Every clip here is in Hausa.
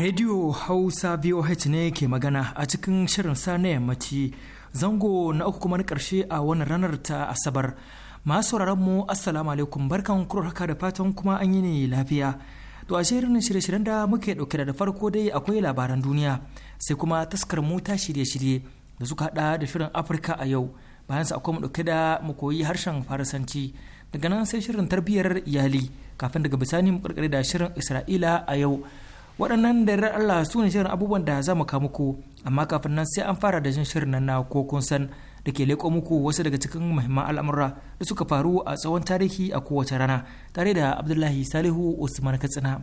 Radio Hausa VOH ne ke magana a cikin shirin sa na yammaci zango na uku kuma na ƙarshe a wannan ranar ta Asabar. Masu mu Assalamu alaikum barkan kuro haka da fatan kuma an yi ne lafiya. To a shirin shirye-shiryen da muke ɗauke da farko dai akwai labaran duniya sai kuma taskar mu ta shirye-shirye da suka haɗa da shirin Afirka a yau bayan sa akwai mu ɗauke da mu koyi harshen Faransanci daga nan sai shirin tarbiyyar iyali kafin daga bisani mu karkare da shirin Isra'ila a yau. waɗannan da Allah su ne shirin abubuwan da za mu kawo muku amma kafin nan sai an fara da jin shirin nan na ko kun san da ke leƙo muku wasu daga cikin muhimman al'amura da suka faru a tsawon tarihi a kowace rana tare da Abdullahi Salihu Usman Katsina.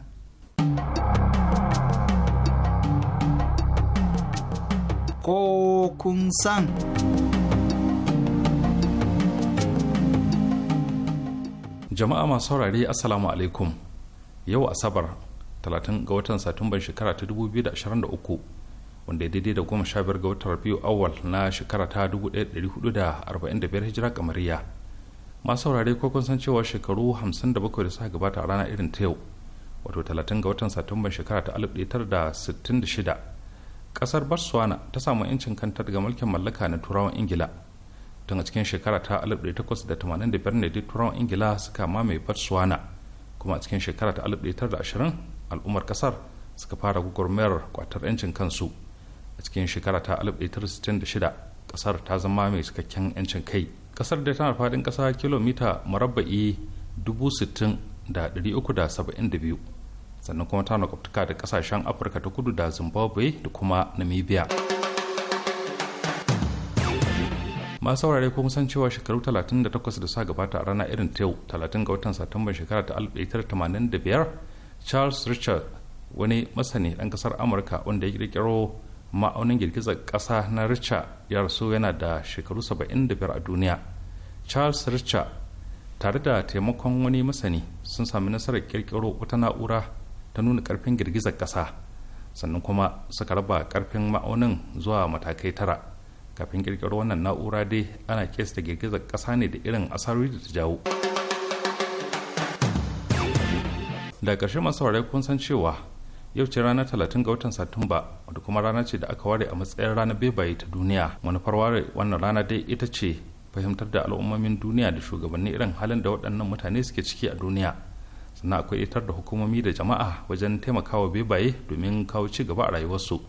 Ko san. Jama'a masu saurare Assalamu alaikum. Yau Asabar 30 ga watan satumban shekara ta 2023 wanda ya daidai da goma sha biyar ga watan rabiu awal na shekara ta 1445 hijira kamariya masu saurare ko kun san cewa shekaru 57 da suka gabata a rana irin ta yau wato 30 ga watan satumban shekara ta 1966 kasar botswana ta samu 'yancin kanta daga mulkin mallaka na turawan ingila tun a cikin shekara ta 1885 ne turawan ingila suka mamaye botswana kuma a cikin shekara ta 1920 al'ummar kasar suka fara gugurmayar kwatar 'yancin kansu a cikin shekara ta 1966 kasar ta zama mai cikakken 'yancin kai kasar da tana fadin kasa kilomita marabba'i 60,372 sannan kuma tana kwaftuka da kasashen afirka ta kudu da zimbabwe da kuma namibia masu saurare kuma san cewa shekaru 38 da suka gabata a rana irin ta yau 30 ga watan satumban shekara ta 1985 charles richard wani masani ɗan ƙasar amurka wanda ya ƙirƙiro ma'aunin girgizar ƙasa na richard ya rasu yana da shekaru 75 a duniya charles richard tare da taimakon wani masani sun sami nasarar ƙirƙiro wata na'ura ta nuna ƙarfin girgizar ƙasa sannan kuma suka raba ƙarfin ma'aunin zuwa matakai tara kafin ƙirƙiro wannan na'ura dai ana kesta girgizar ƙasa ne da irin asarori da ta jawo. da ƙarshe masu saurare kun san cewa yau ce ranar talatin ga watan satumba wadda kuma rana ce da aka ware a matsayin ranar bebaye ta duniya manufar ware wannan rana dai ita ce fahimtar da al'ummomin duniya da shugabanni irin halin da waɗannan mutane suke ciki a duniya sannan akwai itar da hukumomi da jama'a wajen taimakawa bebaye domin kawo ci gaba a rayuwarsu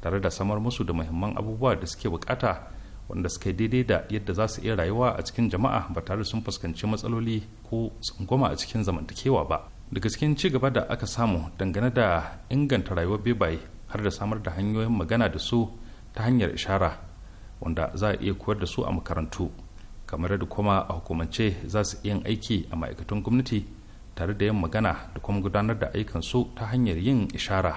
tare da samar musu da muhimman abubuwa da suke bukata wanda suka daidai da yadda za su iya rayuwa a cikin jama'a ba tare sun fuskanci matsaloli ko tsangwama a cikin zamantakewa ba da cikin ci gaba da aka samu dangane da inganta rayuwar bebaye har da samar da hanyoyin magana da su ta hanyar ishara wanda za a iya koyar da su a makarantu kamar da kuma a hukumance za su iya aiki a ma'aikatan gwamnati tare da yin magana da kuma gudanar da ayyukan su ta hanyar yin ishara.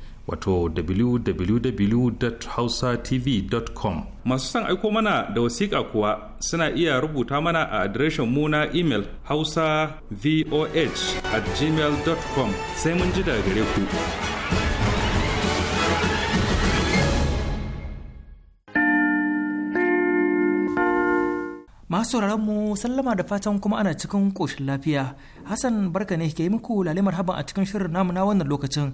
wato www.hausatv.com masu son aiko mana da wasiƙa kuwa suna iya rubuta mana a adireshin mu na imel hausa voh at gmail.com sai mun ji daga gare ku masu mu sallama da fatan kuma ana cikin ƙoshin lafiya hassan barka ne ke yi muku lalimar haban a cikin shirin namu na wannan lokacin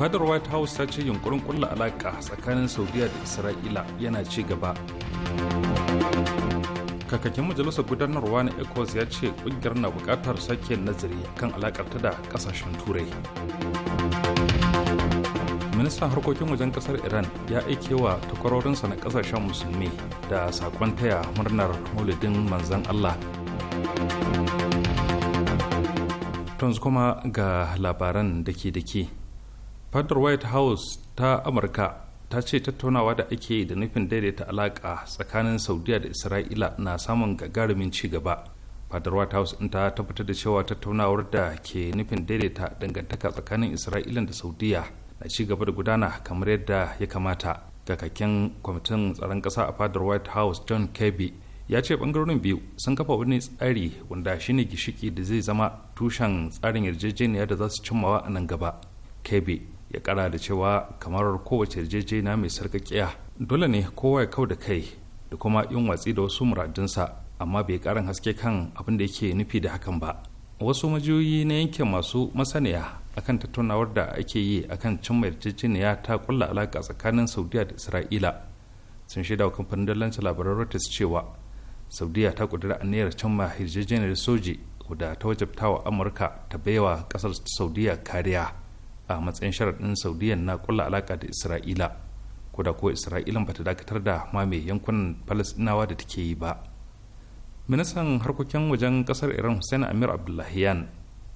fadar white house ta ce yunkurin kulla alaka tsakanin saudiya da isra'ila yana ci gaba kakakin majalisar gudanarwa na ecos ya ce kungiyar na bukatar sake nazari kan alakar ta da kasashen turai ministan harkokin wajen kasar iran ya aike wa takwarorinsa na kasashen musulmi da sakon taya murnar maulidin manzan allah tons kuma ga labaran dake-dake fadar white house ta amurka ta ce tattaunawa da ake da nufin daidaita alaka tsakanin saudiya da isra'ila na samun gagarumin ci gaba fadar white house in ta tabbatar da cewa tattaunawar da ke nufin daidaita dangantaka tsakanin isra'ila da saudiya na ci gaba da gudana kamar yadda ya kamata kakakin kwamitin tsaron kasa a fadar white house john kirby ya ce bangarorin biyu sun kafa wani tsari wanda shine gishiki da zai zama tushen tsarin yarjejeniya da za su cimmawa a nan gaba kebe ya kara da cewa kamar kowace yarjejeniya mai sarkakiya dole ne kowa ya kau da kai da kuma yin watsi da wasu muradinsa amma bai karin haske kan abin da yake nufi da hakan ba wasu majiyoyi na yankin masu masaniya akan tattaunawar da ake yi akan cimma yarjejeniya ta kulla alaka tsakanin saudiya da isra'ila sun shaida wa kamfanin dallancin labaran reuters cewa saudiya ta kudura aniyar cimma yarjejeniyar soji da ta wajabta wa amurka ta baiwa kasar saudiya kariya a matsayin sharaɗin saudiya na kulla alaƙa da isra'ila ko da kuwa isra'ilan bata dakatar da ma mai yankunan falastinawa da take yi ba ministan harkokin wajen ƙasar iran hussein amir abdullahiyan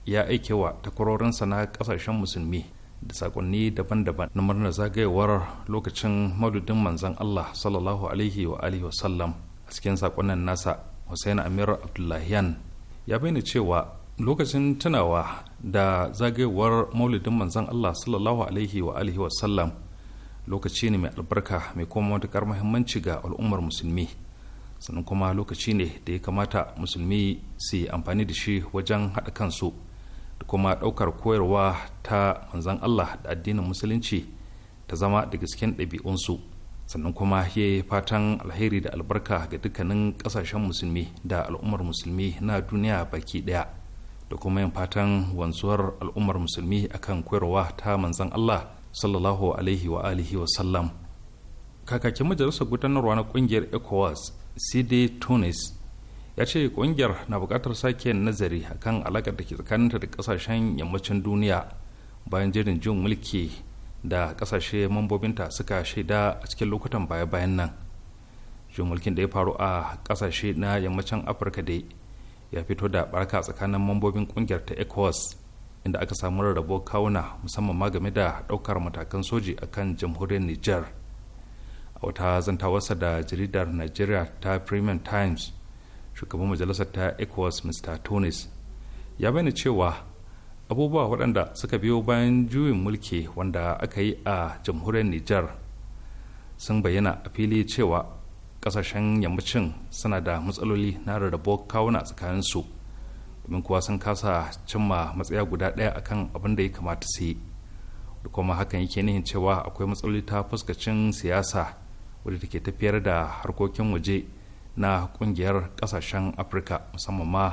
ya aike wa takwarorinsa na ƙasashen musulmi da saƙonni daban-daban na murnar zagayewar lokacin mauludin manzon allah sallallahu alaihi wa alihi wasallam a cikin sakonnin nasa hussein amir abdullahiyan ya bayyana cewa lokacin tunawa da zagayowar maulidin manzan Allah sallallahu alaihi wa alihi wasallam lokaci ne mai albarka mai koma matuƙar muhimmanci ga al'ummar musulmi sannan kuma lokaci ne da ya kamata musulmi su yi amfani da shi wajen haɗa kansu da kuma ɗaukar koyarwa ta manzan Allah da addinin musulunci ta zama da gasken ɗabi'unsu sannan kuma ya yi fatan alheri da albarka ga dukkanin ƙasashen musulmi da al'ummar musulmi na duniya baki ɗaya. da kuma yin fatan wanzuwar al'ummar musulmi akan koyarwa ta manzan Allah sallallahu alaihi wa alihi wa sallam kakakin majalisar gudanarwa na kungiyar ECOWAS CD Tunis ya ce kungiyar na bukatar sake nazari akan alakar da ke tsakaninta da kasashen yammacin duniya bayan jirin jin mulki da kasashe mambobinta suka shaida a cikin lokutan baya-bayan nan jin mulkin da ya faru a kasashe na yammacin afirka dai ya fito da barka tsakanin mambobin kungiyar ta ecowas inda aka samu rarrabo kawuna musamman ma game da daukar matakan soji a kan jamhuriyar niger a wata zantawarsa da jaridar nigeria ta premium times shugaban majalisar ta ecowas mr tunis ya bayyana cewa abubuwa waɗanda suka biyo bayan juyin mulki wanda aka yi a jamhuriyar niger sun bayyana a fili cewa kasashen yammacin suna da matsaloli na rarrabo kawuna tsakaninsu domin kuwa sun kasa cimma matsaya guda ɗaya akan abin da ya kamata su yi da kuma hakan yake nihin cewa akwai matsaloli ta fuskacin siyasa wadda take tafiyar da harkokin waje na kungiyar kasashen afirka musamman ma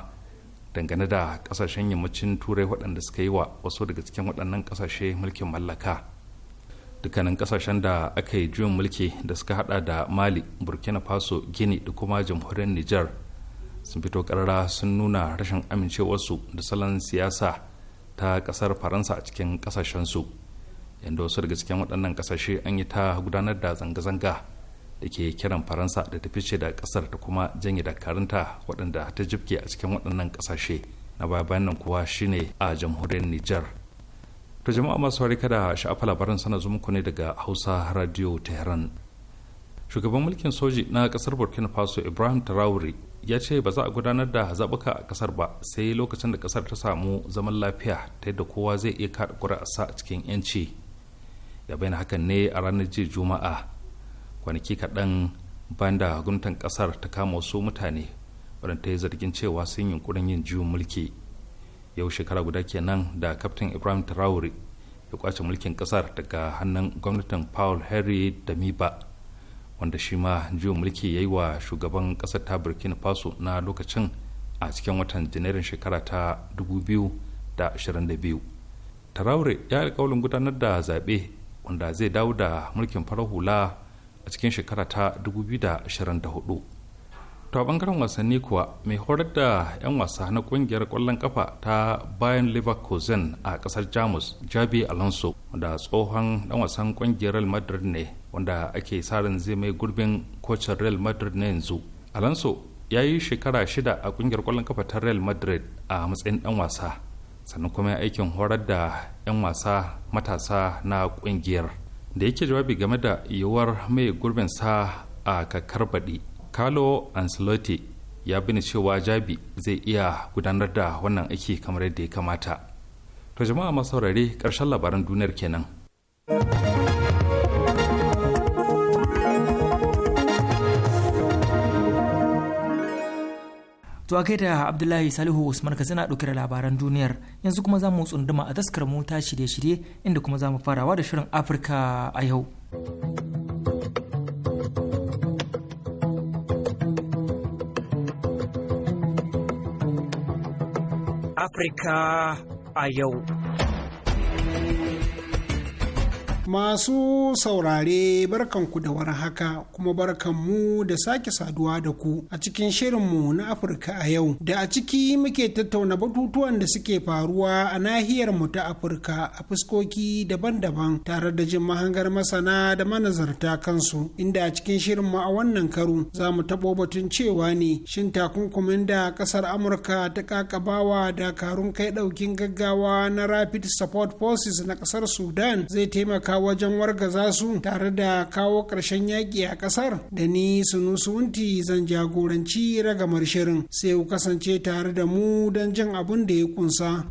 dangane da kasashen yammacin turai waɗanda suka yi wa wasu daga cikin waɗannan kasashe mulkin mallaka dukkanin kasashen da aka yi juyin mulki da suka hada da mali burkina faso gini da kuma jamhuriyar niger sun fito karara sun nuna rashin amincewarsu da salon siyasa ta kasar faransa a cikin kasashensu yadda wasu daga cikin waɗannan kasashe an yi ta gudanar da zanga-zanga da ke kiran faransa da ta fice da kasar da kuma janye dakarunta waɗanda ta jibke a cikin waɗannan kasashe na baya bayan nan kuwa shine a jamhuriyar niger to jama'a masu harika da sha'afa labaran sana zo muku ne daga hausa radio tehran shugaban mulkin soji na kasar burkina faso ibrahim traore ya ce ba za a gudanar da zaɓuka a kasar ba sai lokacin da kasar ta samu zaman lafiya ta yadda kowa zai iya kaɗa ƙuri'arsa a cikin 'yanci ya bayyana hakan ne a ranar jiya juma'a kwanaki kaɗan bayan da gwamnatin kasar ta kama wasu mutane waɗanda ta yi zargin cewa sun yunkurin yin juyin mulki yau shekara guda kenan da kaftin ibrahim traore ya kwace mulkin kasar daga hannun gwamnatin paul henry damiba wanda shi ma juyin mulki ya yi wa shugaban kasar ta burkina faso na lokacin a cikin watan janairun shekara ta 2022 traore ya yi alkawalin gudanar da zaɓe wanda zai dawo da mulkin farar hula a cikin shekara ta 2024 a bangaren wasanni kuwa mai horar da 'yan wasa na kungiyar kwallon kafa ta bayan leverkusen a kasar jamus jabi alonso da tsohon dan wasan kungiyar real madrid ne wanda ake sa ran zai mai gurbin kocin real madrid na yanzu alonso ya yi shekara shida a kungiyar kwallon kafa ta real madrid a matsayin dan wasa sannan kuma aikin horar da 'yan wasa matasa na kungiyar da yake jawabi game da yiwuwar mai gurbin sa a kakar baɗi carlo ancelotti ya bini cewa jabi zai iya gudanar da wannan aiki kamar yadda ya kamata to jama'a masu saurare ƙarshen labaran duniyar kenan to a da abdullahi salihu usman ka suna ɗauke da labaran duniyar yanzu kuma za mu tsunduma a taskar mota shirye-shirye inda kuma za mu farawa da shirin afirka a yau Africa, a Masu saurare barkanku da war haka kuma barkanmu da sake saduwa da ku a cikin shirinmu na Afirka a yau da a ciki muke tattauna batutuwan da suke faruwa a nahiyar mu ta Afirka a fuskoki daban-daban tare da jin mahangar masana da manazarta kansu inda a cikin shirinmu a wannan karo za mu taɓo batun cewa ne shin takunkumin da kasar Amurka ta kakabawa dakarun kai ɗaukin gaggawa na Rapid Support Forces na ƙasar Sudan zai taimaka taimaka wajen wargaza su tare da kawo ƙarshen yaƙi a ƙasar da ni sunusunti zan jagoranci ragamar shirin sai ku kasance tare da mu don jin abin da ya kunsa.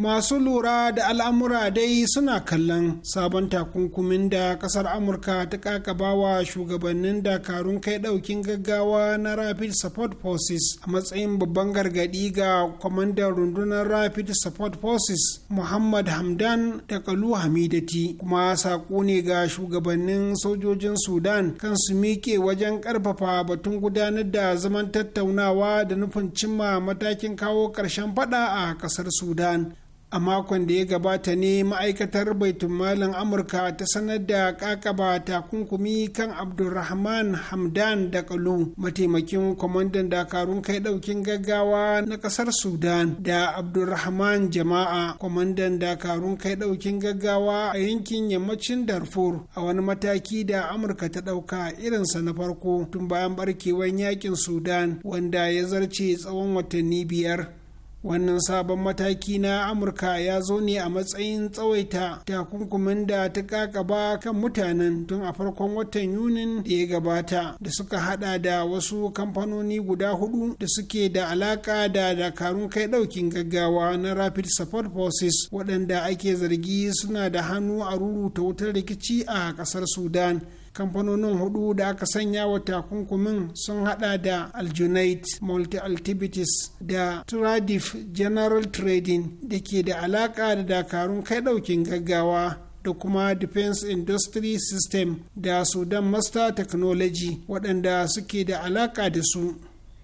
masu lura da al'amura dai suna kallon sabon takunkumin da kasar amurka ta kakabawa shugabannin dakarun kai daukin gaggawa na rapid support forces a matsayin babban gargadi ga kwamandan rundunar rapid support forces muhammad hamdan da kalu hamidati kuma saƙo ne ga shugabannin sojojin sudan kan su miƙe wajen ƙarfafa batun gudanar da zaman tattaunawa da nufin cimma matakin kawo ƙarshen faɗa a ƙasar sudan a makon da ya gabata ne ma'aikatar malin amurka ta sanar da kakaba takunkumi kan abdulrahman hamdan da kalu mataimakin kwamandan dakarun kai daukin gaggawa na kasar sudan da abdulrahman jama'a kwamandan dakarun kai daukin gaggawa a yankin yammacin darfur a wani mataki da amurka ta dauka irinsa na farko tun bayan barkewan yakin sudan wanda ya zarce tsawon watanni biyar wannan sabon mataki na amurka ya zo ne a matsayin tsawaita takunkumin da ta kakaba kan mutanen tun a farkon watan yunin da ya gabata da suka hada da wasu kamfanoni guda hudu da suke da alaka da dakarun kai daukin gaggawa na rapid support forces waɗanda ake zargi suna da hannu a ruruta wutar rikici a ƙasar sudan kamfanonin hudu da aka sanya wa takunkumin sun hada da aljunait multi-altivities da tradif general trading da ke da alaka da dakarun kai daukin gaggawa da kuma defense industry system da sudan master technology waɗanda suke da alaka da su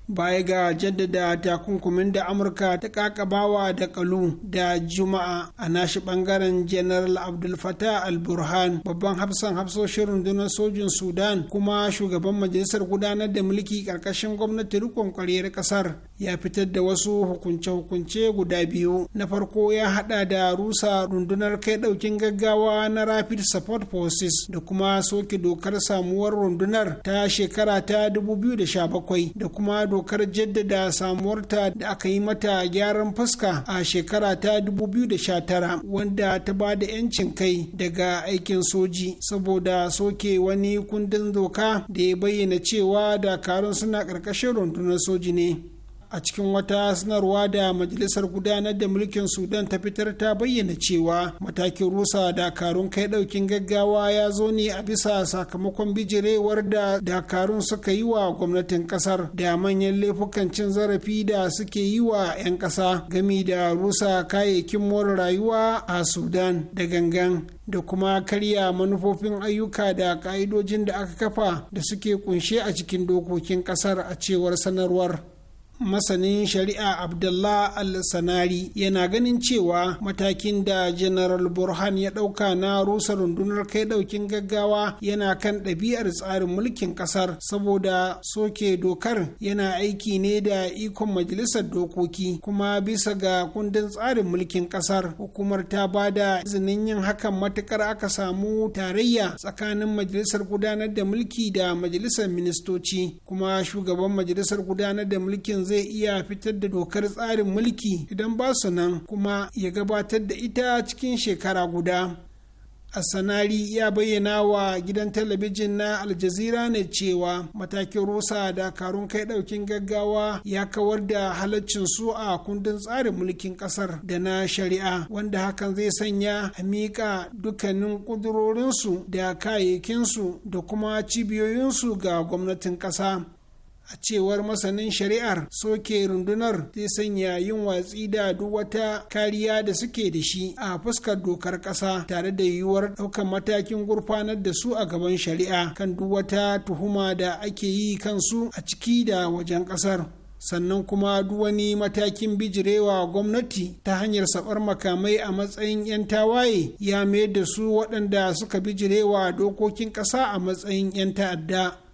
baya ga jaddada takunkumin da amurka ta kakabawa da kalu da juma'a a nashi bangaren general abdul fatah al-burhan babban hafsan hafsoshin rundunar sojin sudan kuma shugaban majalisar gudanar da mulki karkashin gwamnati rikon kwaryar kasar ya fitar da wasu hukunce-hukunce guda biyu na farko ya hada da rusa rundunar kai daukin gaggawa na rapid support forces da kuma soke dokar samuwar rundunar ta shekara ta 2017 da kuma dokar jaddada samuwarta da aka yi mata gyaran fuska a shekara ta 2019 wanda ta ba da 'yancin kai daga aikin soji saboda soke wani kundin doka da ya bayyana cewa dakarun suna ƙarƙashin rundunar soji ne a cikin wata sanarwa da majalisar gudanar da mulkin sudan ta fitar ta bayyana cewa matakin rusa dakarun kai daukin gaggawa ya zo ne a bisa sakamakon bijirewar da dakarun suka yi wa gwamnatin kasar da manyan laifukan cin zarafi da suke yi wa 'yan kasa gami da rusa kayayyakin more rayuwa a sudan da gangan da kuma karya manufofin ayyuka da ka'idojin da aka kafa da suke kunshe a cikin dokokin kasar a cewar sanarwar masanin shari'a abdullah al-sanari yana ganin cewa matakin da general burhan ya ɗauka na rusa rundunar kai ɗaukin gaggawa yana kan ɗabi'ar tsarin mulkin ƙasar saboda soke dokar yana aiki ne da ikon majalisar dokoki kuma bisa ga kundin tsarin mulkin ƙasar hukumar ta ba da izinin yin hakan matukar aka samu tarayya tsakanin majalisar gudanar da mulki da majalisar ministoci kuma shugaban majalisar gudanar da mulkin zai iya fitar da dokar tsarin mulki idan ba su nan kuma ya gabatar da ita cikin shekara guda Asanari ya bayyana wa gidan talabijin na Aljazira ne cewa matakin rusa da karun kai ɗaukin gaggawa ya kawar da halaccin su a kundin tsarin mulkin ƙasar da na shari'a wanda hakan zai sanya a miƙa dukkanin ƙudurorinsu da kayayyakinsu da kuma cibiyoyinsu ga gwamnatin ƙasa. a cewar masanin shari'ar soke rundunar zai sanya yin watsi da duk wata kariya da suke da shi a fuskar dokar ƙasa tare da yiwuwar ɗaukar matakin gurfanar da su a gaban shari'a kan duk wata tuhuma da ake yi kansu a ciki da wajen ƙasar sannan kuma duk wani matakin bijirewa gwamnati ta hanyar sabar makamai a matsayin 'yan tawaye ya mayar da su waɗanda suka bijirewa dokokin ƙasa a matsayin 'yan ta'adda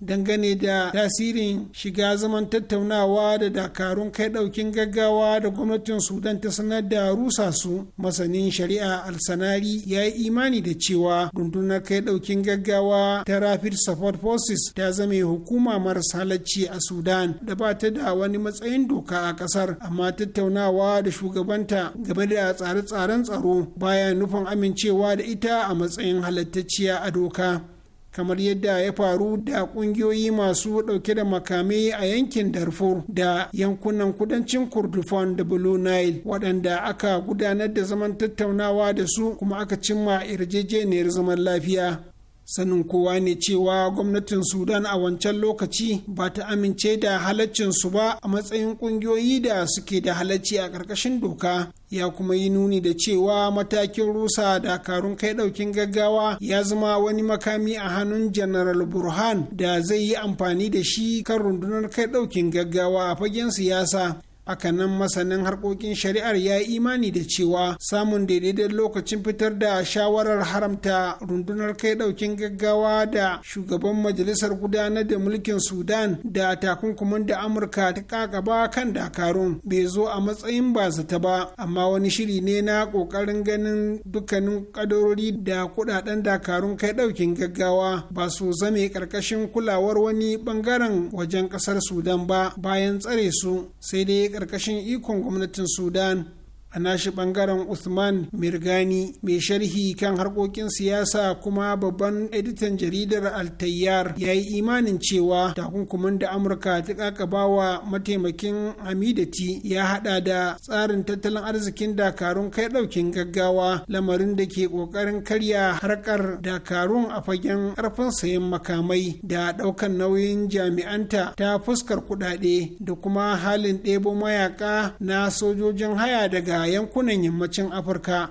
dangane da tasirin shiga zaman tattaunawa da dakarun kai daukin gaggawa da gwamnatin sudan ta sanar da rusa su masanin shari'a alsanari ya yi imani da cewa rundunar kai daukin gaggawa ta rapid support forces ta zame hukuma maras halacci a sudan da ba ta da wani matsayin doka a kasar amma tattaunawa da shugabanta game da tsare-tsaren tsaro baya nufin amincewa da ita a matsayin halattacciya a doka kamar yadda ya faru da kungiyoyi masu dauke da makamai a yankin darfur da yankunan kudancin kurdufan da blue nile waɗanda aka gudanar da zaman tattaunawa da su kuma aka cimma yarjejeniyar zaman lafiya sanin kowa ne cewa gwamnatin sudan a wancan lokaci ba ta amince da halaccinsu ba a matsayin kungiyoyi da suke da halacci a ƙarƙashin doka ya kuma yi nuni da cewa matakin rusa dakarun kai daukin gaggawa ya zama wani makami a hannun general burhan da zai yi amfani da shi kan rundunar kai daukin gaggawa a fagen siyasa nan masanin harkokin shari'ar ya yi imani da cewa samun daidaiton lokacin fitar da shawarar haramta rundunar kai daukin gaggawa da shugaban majalisar gudanar da mulkin sudan da takunkumin da amurka ta kakaba kan dakarun bai zo a matsayin bazata ba amma wani shiri ne na kokarin ganin dukkanin kadarori da kudaden dakarun kai daukin gaggawa ba su zame karkashin kulawar wani bangaren wajen ƙasar sudan ba bayan tsare su sai dai ƙarƙashin ikon gwamnatin sudan a nashi bangaren Usman Mirgani mai sharhi kan harkokin siyasa kuma babban editan jaridar Altayyar ya yi imanin cewa takunkumin da Amurka ta kakabawa mataimakin Hamidati ya hada da tsarin tattalin arzikin dakarun kai daukin gaggawa lamarin da ke kokarin karya harkar dakarun a fagen karfin sayan makamai da daukan nauyin jami'anta ta fuskar kudade da kuma halin ɗebo mayaka na sojojin haya daga yankunan yammacin afirka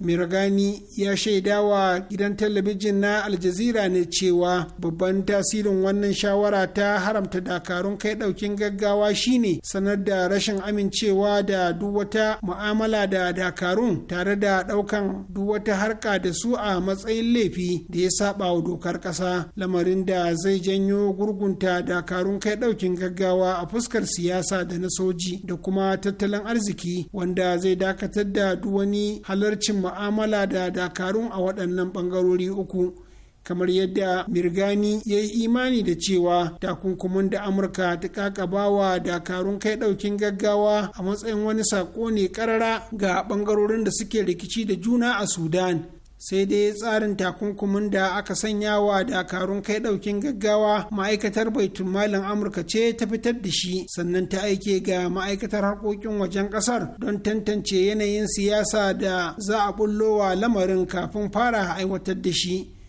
mirgani ya shaida wa gidan talabijin na aljazira ne cewa babban tasirin wannan shawara ta haramta dakarun kai daukin gaggawa shine sanar da rashin amincewa da duk wata mu'amala da dakarun tare da daukan duk wata harka da su a matsayin laifi da ya saba wa dokar kasa lamarin da zai janyo gurgunta dakarun kai daukin gaggawa a fuskar siyasa da na soji da kuma tattalin arziki wanda zai dakatar da duk wani halarcin ma'amala da dakarun a waɗannan ɓangarori uku kamar yadda mirgani ya yi imani da cewa takunkumin da amurka ta kakabawa dakarun kai ɗaukin gaggawa a matsayin wani sako ne karara ga bangarorin da suke rikici da juna a sudan sai dai tsarin takunkumin da aka sanya wa dakarun kai daukin gaggawa ma'aikatar baitun malin amurka ce ta fitar da shi sannan ta aike ga ma'aikatar harkokin wajen kasar don tantance yanayin siyasa da za a bullowa lamarin kafin fara aiwatar da shi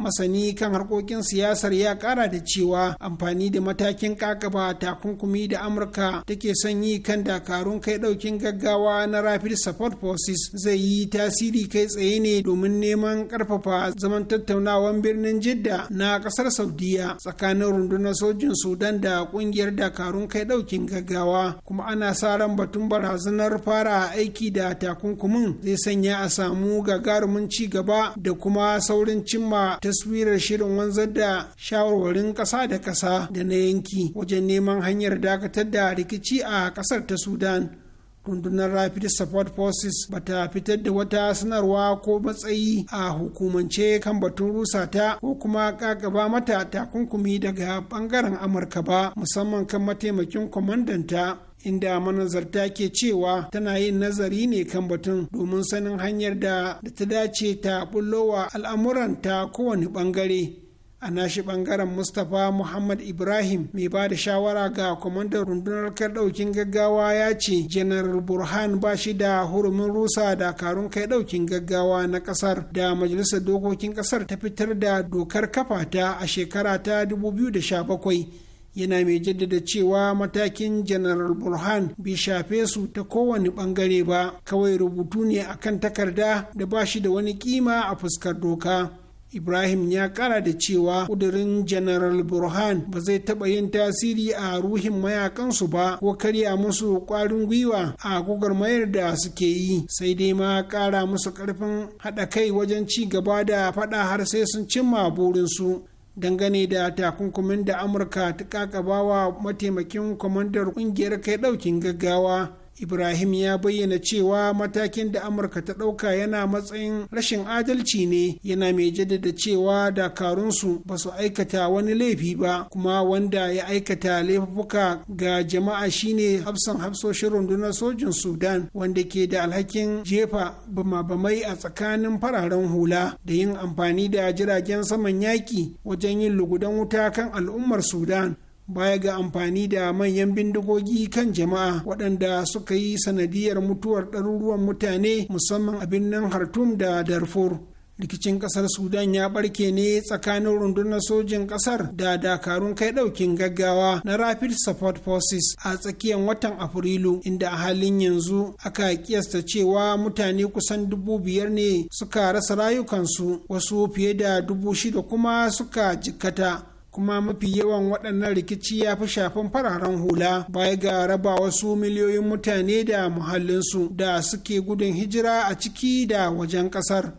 masani kan harkokin siyasar ya kara da cewa amfani da matakin kakaba takunkumi da amurka take sanyi kan dakarun kai daukin gaggawa na rapid support forces zai yi tasiri kai tsaye ne domin neman karfafa zaman tattaunawan birnin jidda na kasar saudiya tsakanin rundunar sojin sudan da kungiyar dakarun kai daukin gaggawa kuma ana sa ran batun barazanar fara aiki da takunkumin zai sanya a samu gagarumin ci gaba da kuma saurin cimma taswirar shirin wanzar da shawarwarin ƙasa da ƙasa da na yanki wajen neman hanyar dakatar da rikici a ƙasar ta sudan rundunar rapid support forces ba ta fitar da wata sanarwa ko matsayi a hukumance kan batun rusa ta ko kuma kakaba mata takunkumi daga bangaren amurka ba musamman kan mataimakin kwamandanta inda manazarta ke cewa tana yin nazari ne kan batun domin sanin hanyar da ta dace ta bullowa al'amuranta kowane bangare a nashi bangaren mustapha muhammad ibrahim mai ba da shawara ga kwamandan rundunar kai daukin gaggawa ya ce general burhan ba shi da hurumin rusa dakarun kai daukin gaggawa na kasar da majalisar dokokin kasar ta fitar da dokar kafa ta a shekara ta 2017 yana mai jaddada cewa matakin general burhan bai shafe su ta kowane bangare ba kawai rubutu ne akan takarda da ba shi da wani kima a fuskar doka ibrahim ya kara da cewa kudirin general burhan ba zai taba yin tasiri a ruhin mayakansu ba ko karya musu ƙwarin gwiwa a mayar da suke yi sai dai ma kara musu karfin haɗa kai wajen ci gaba da faɗa har sai sun cimma burinsu dangane da takunkumin da amurka ta kakabawa mataimakin kwamandar ƙungiyar kai ɗaukin gaggawa ibrahim ya bayyana cewa matakin da amurka ta ɗauka yana matsayin rashin adalci ne yana mai jaddada cewa dakarunsu ba su aikata wani laifi ba kuma wanda ya aikata laifuka ga jama'a shine hafsan hafsoshin rundunar sojin sudan wanda ke da alhakin jefa bama-bamai a tsakanin fararen hula da yin amfani da jiragen saman yaki wajen yin lugudan wuta kan al'ummar sudan baya ga amfani da manyan bindigogi kan jama'a waɗanda suka yi sanadiyar mutuwar ɗaruruwan mutane musamman a birnin hartum da darfur rikicin ƙasar sudan ya barke ne tsakanin rundunar sojin ƙasar da dakarun kai ɗaukin gaggawa na rapid support forces a tsakiyar watan afrilu inda a halin yanzu aka kiyasta cewa mutane kusan dubu biyar ne suka rasa rayukansu wasu fiye da dubu shida kuma suka jikkata kuma mafi yawan waɗannan rikici ya fi shafin fararen hula baya ga raba wasu miliyoyin mutane da muhallinsu da suke gudun hijira a ciki da wajen ƙasar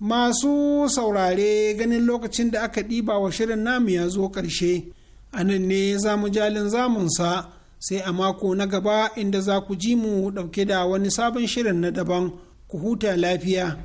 masu saurare ganin lokacin da aka ɗiba wa shirin namu ya zo ƙarshe a nan ne za mu jalin zamunsa sai a mako na gaba inda za ku ji mu ɗauke da wani sabon shirin na daban ku huta lafiya.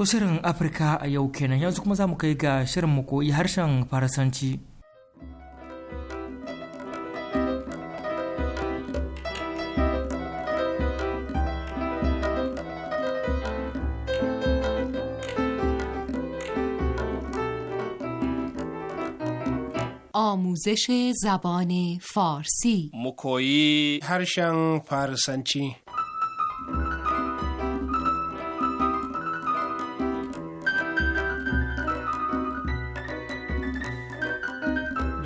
To shirin Afirka a yau kenan yanzu kuma za mu kai ga shirin mu koyi harshen Farasanci. آموزش زبان فارسی مکویی هرشن فارسنچی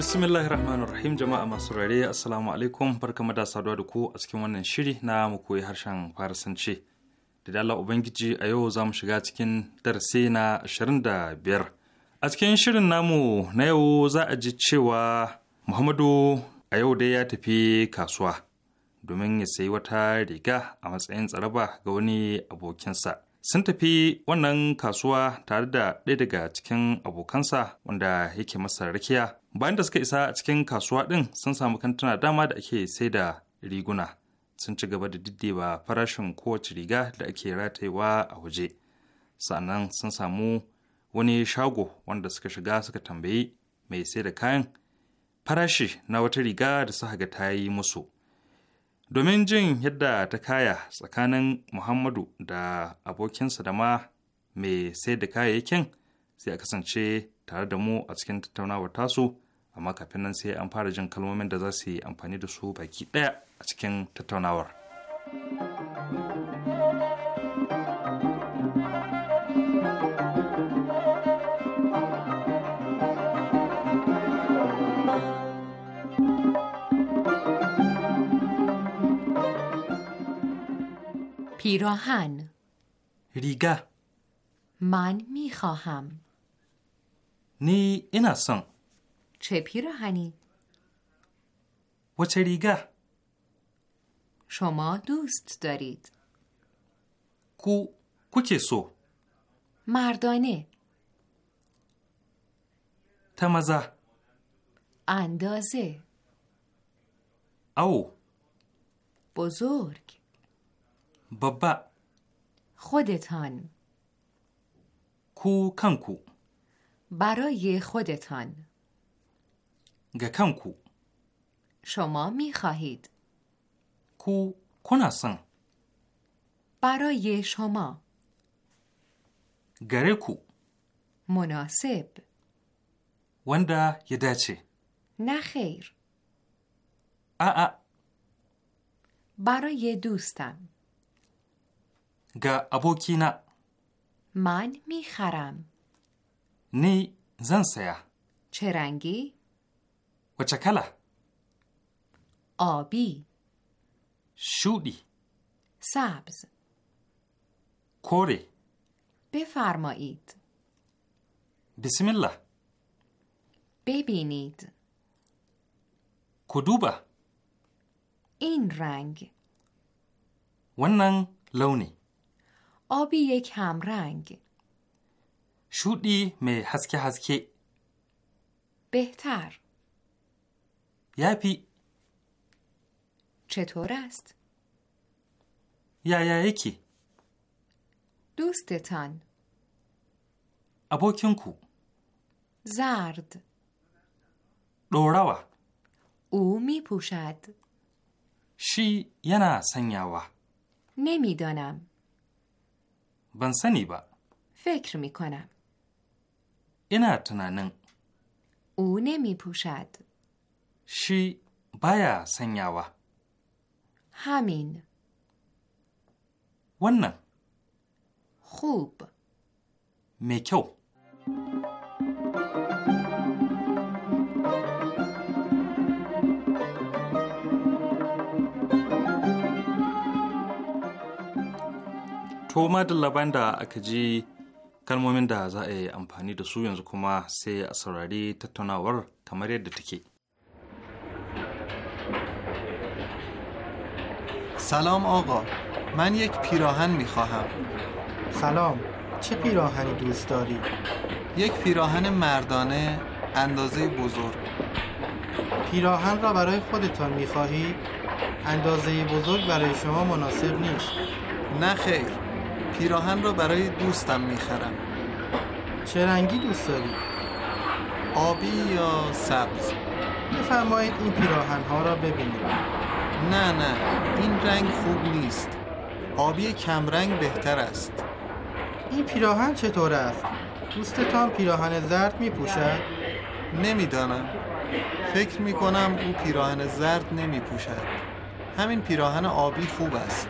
Bismillahir Rahmanir Rahim jama'a masu rare Assalamu alaikum barkamu da saduwa da ku a cikin wannan shiri na mu koyi harshen Farisanci. Da dala Ubangiji a yau za mu shiga cikin darasi na ashirin 25. A cikin shirin namu na yau za a ji cewa Muhammadu a yau dai ya tafi kasuwa domin ya sayi wata riga a matsayin tsaraba ga wani abokinsa. sun tafi wannan kasuwa tare da ɗaya daga cikin abokansa wanda yake masa rakiya bayan da suka isa a cikin kasuwa ɗin sun samu kantuna dama da ake sai da riguna sun ci gaba da diddeba farashin kowace riga da ake ratayewa a waje sannan sun samu wani shago wanda suka shiga suka tambayi mai sai da kayan farashi na wata riga da suka ga ta yi musu domin jin yadda ta kaya tsakanin Muhammadu da abokinsa da ma mai sai da kayayyakin sai a kasance tare da mu a cikin tattaunawar tasu amma kafin nan sai an fara jin kalmomin da za su yi amfani da su baki ɗaya a cikin tattaunawar. پیراهن ریگا، من میخواهم نی این اصان چه پیراهنی؟ و چه ریگا؟ شما دوست دارید کو کو سو مردانه تمزه اندازه او بزرگ بابا خودتان کو کنکو برای خودتان گکنکو شما می خواهید کو کناسن برای شما گره مناسب وندا یه نه خیر آ برای دوستم ga abokina. Man mi haram. Ni zan saya. Ce rangi? Wace kala? Obi. Shuɗi. Sabz. Kore. Befarmayid. Bismillah. ببینید کدوبه این rang. Wannan launi. آبی یک همرنگ شودی می هسکه هسکه بهتر یپی چطور است؟ یا یا یکی دوستتان ابوکینکو زرد دوراوا او می پوشد شی ینا سنیاوا نمیدانم ban sani ba. Fikr mi Ina tunanin. O ne mi pushad? Shi baya sanyawa. Hamin. Wannan. Hub. Me kyau. thank you To madalla banda aka ji kalmomin da za a yi amfani da su yanzu kuma سلام آقا من یک پیراهن می خواهم سلام چه پیراهنی دوست داری؟ یک پیراهن مردانه اندازه بزرگ پیراهن را برای خودتان می اندازه بزرگ برای شما مناسب نیست نه خیر پیراهن را برای دوستم میخرم چه رنگی دوست داری؟ آبی یا سبز بفرمایید این پیراهن ها را ببینید نه نه این رنگ خوب نیست آبی کمرنگ بهتر است این پیراهن چطور است؟ دوستتان پیراهن زرد می پوشد؟ نمیدانم فکر می کنم او پیراهن زرد نمی پوشد همین پیراهن آبی خوب است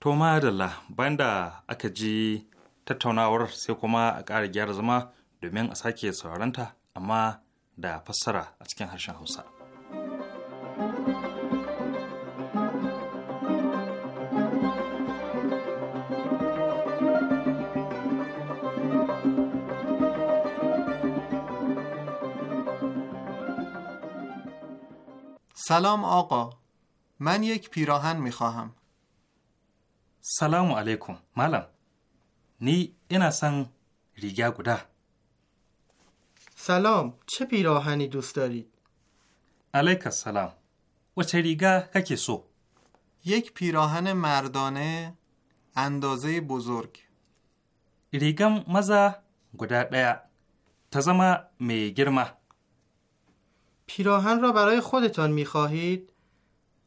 To madallah bayan da aka ji tattaunawar sai kuma a ƙara gyara zama domin a sake sauranta amma da fassara a cikin harshen Hausa. سلام آقا من یک پیراهن می خواهم. سلام علیکم ملم نی انا سن ریگا سلام چه پیراهنی دوست دارید؟ علیک السلام و چه سو؟ یک پیراهن مردانه اندازه بزرگ ریگم مزا گودا دیا تزما می گرمه پیراهن را برای خودتان می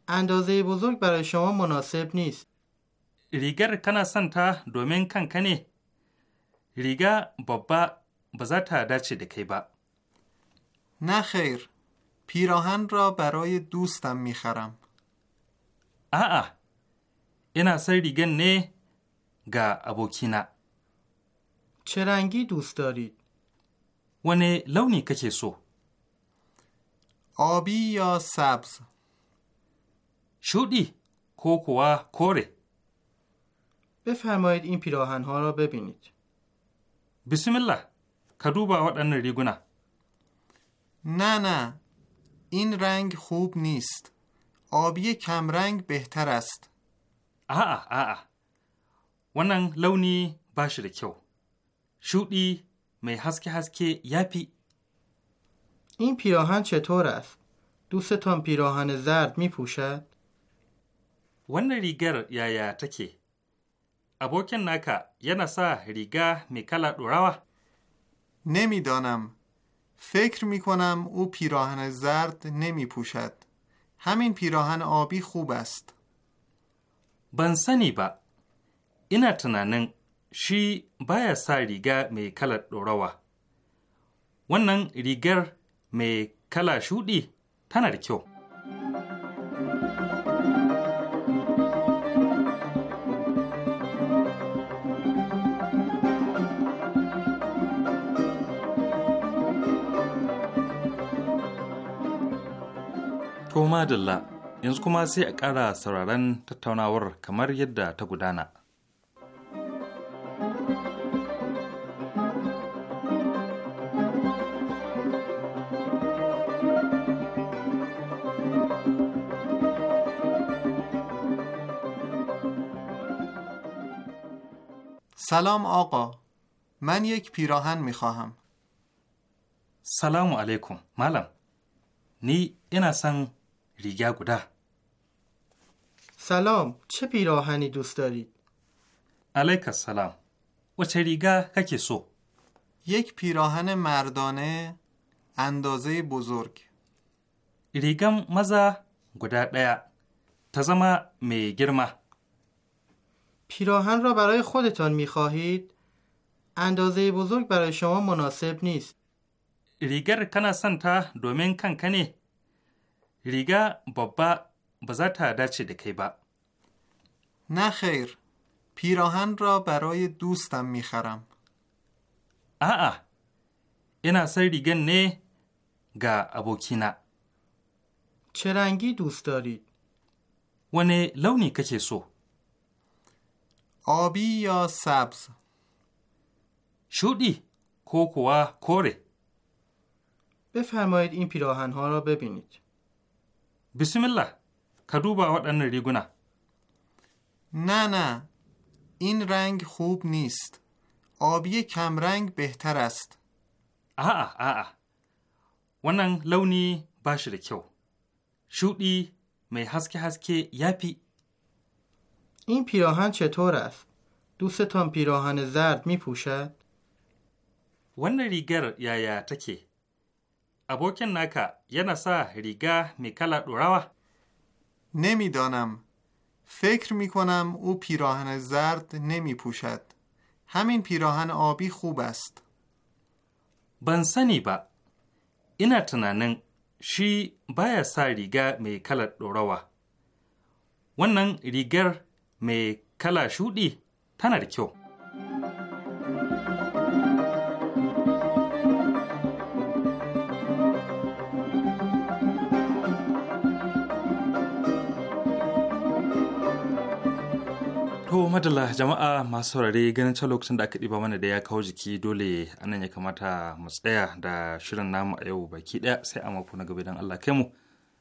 اندازه بزرگ برای شما مناسب نیست. rigar kana santa domin kanka ne riga babba ba za ta dace da kai ba na khair pirahan ra baraye a'a ina san rigan ne ga abokina ce wani launi kake so abi ya sabs ko kuwa kore بفرمایید این پیراهن ها را ببینید بسم الله کدوبا آدن ریگونا نه نه این رنگ خوب نیست آبی کمرنگ بهتر است آه آه آه ونن ba shi شودی می هسکه هسکه haske این پیراهن چطور است؟ دوستتان پیراهن زرد می پوشد؟ ریگر یا یا abokin naka yana sa riga mai kala ɗorawa? نمیدانم فکر می کنم او پیراهن زرد نمی پوشد همین پیراهن آبی خوب است ban sani ba, ina tunanin shi baya sa riga mai kala ɗorawa. Wannan rigar mai kala shuɗi tana da kyau. To dalla yanzu kuma sai a ƙara sauraron tattaunawar kamar yadda ta gudana. سلام آقا من یک پیراهن می خواهم سلام علیکم ملم نی اینا سن ریگه گوده سلام چه پیراهنی دوست دارید؟ علیک السلام و چه ریگا ککی سو؟ یک پیراهن مردانه اندازه بزرگ ریگم مزا گوده دیا تزما می پیراهن را برای خودتان می اندازه بزرگ برای شما مناسب نیست. ریگر کنه سنتا دومین کنی. ریگه بابا ba za ta dace نه خیر. پیراهن را برای دوستم میخرم. آآ. این سر ریگن نه گا ابوکینا. چه رنگی دوست دارید؟ ونه لونی کچه سو؟ آبی یا سبز؟ شودی کوکوا کوره بفرمایید این پیراهن ها را ببینید. بسم الله، که روبه ریگونه؟ نه نه، این رنگ خوب نیست. آبی کم رنگ بهتر است. آه آه آه آه، وننگ لونی باشه شودی شوطی هسکه هسکه یپی. این پیراهن چطور است؟ دوستان پیراهن زرد میپوشد؟ ون ریگر یا یا abokin naka yana sa riga mai kala ɗorawa? نمیدانم فکر می کنم او پیراهن زرد نمی پوشد همین پیراهن آبی خوب ban sani ba ina tunanin shi baya sa riga mai kalar ɗorawa wannan rigar mai kala shuɗi tana da kyau madalla jama'a masu saurare ganin can lokacin da aka ɗiba mana da ya kawo jiki dole anan ya kamata mu tsaya da shirin namu a yau baki ɗaya sai a mako na gaba idan Allah kai mu